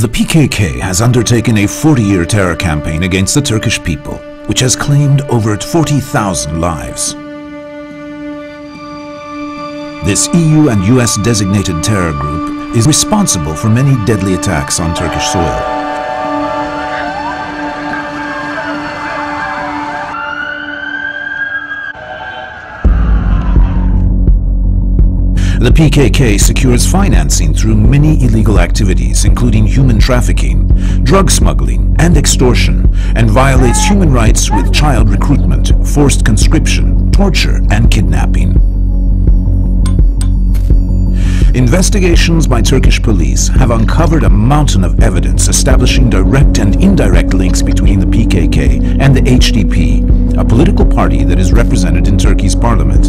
The PKK has undertaken a 40-year terror campaign against the Turkish people, which has claimed over 40,000 lives. This EU and US designated terror group is responsible for many deadly attacks on Turkish soil. The PKK secures financing through many illegal activities, including human trafficking, drug smuggling, and extortion, and violates human rights with child recruitment, forced conscription, torture, and kidnapping. Investigations by Turkish police have uncovered a mountain of evidence establishing direct and indirect links between the PKK and the HDP, a political party that is represented in Turkey's parliament.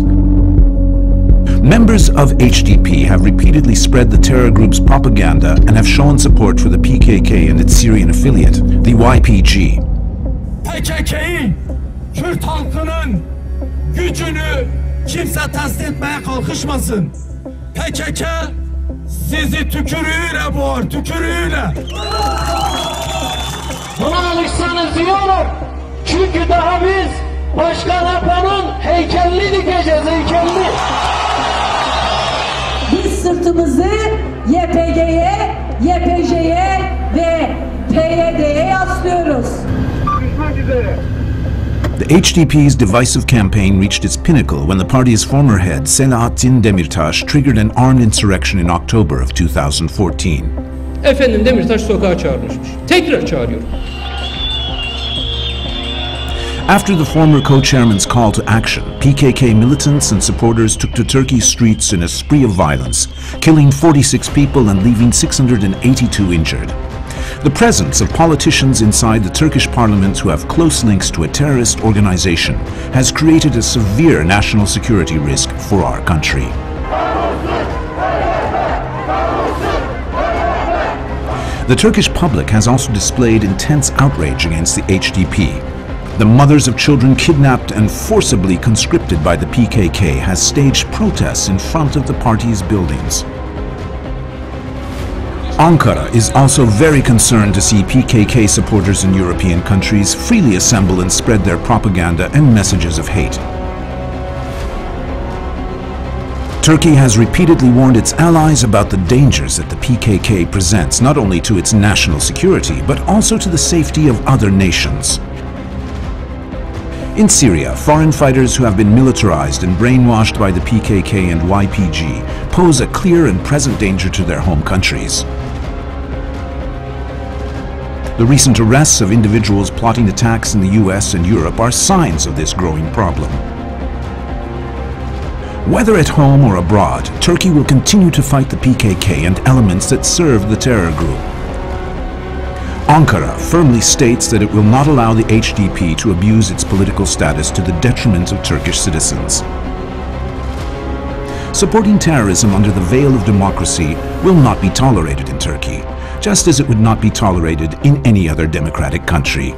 Members of HDP have repeatedly spread the terror group's propaganda and have shown support for the PKK and its Syrian affiliate, the YPG. PKK'in Kürt gücünü kimse tasdik etmeye kalkışmasın. PKK sizi tükürüğüyle boğar, tükürüğüyle. Buna alışsanız diyorum. Çünkü daha biz Başkan Apo'nun heykelini dikeceğiz. hakkımızı YPG'ye, YPJ'ye ve PYD'ye yaslıyoruz. The HDP's divisive campaign reached its pinnacle when the party's former head, Selahattin Demirtas, triggered an armed insurrection in October of 2014. Efendim Demirtaş sokağa çağırmışmış. Tekrar çağırıyorum. After the former co-chairman's call to action, PKK militants and supporters took to Turkey's streets in a spree of violence, killing 46 people and leaving 682 injured. The presence of politicians inside the Turkish parliament who have close links to a terrorist organization has created a severe national security risk for our country. The Turkish public has also displayed intense outrage against the HDP, the mothers of children kidnapped and forcibly conscripted by the PKK has staged protests in front of the party's buildings. Ankara is also very concerned to see PKK supporters in European countries freely assemble and spread their propaganda and messages of hate. Turkey has repeatedly warned its allies about the dangers that the PKK presents, not only to its national security, but also to the safety of other nations. In Syria, foreign fighters who have been militarized and brainwashed by the PKK and YPG pose a clear and present danger to their home countries. The recent arrests of individuals plotting attacks in the US and Europe are signs of this growing problem. Whether at home or abroad, Turkey will continue to fight the PKK and elements that serve the terror group. Ankara firmly states that it will not allow the HDP to abuse its political status to the detriment of Turkish citizens. Supporting terrorism under the veil of democracy will not be tolerated in Turkey, just as it would not be tolerated in any other democratic country.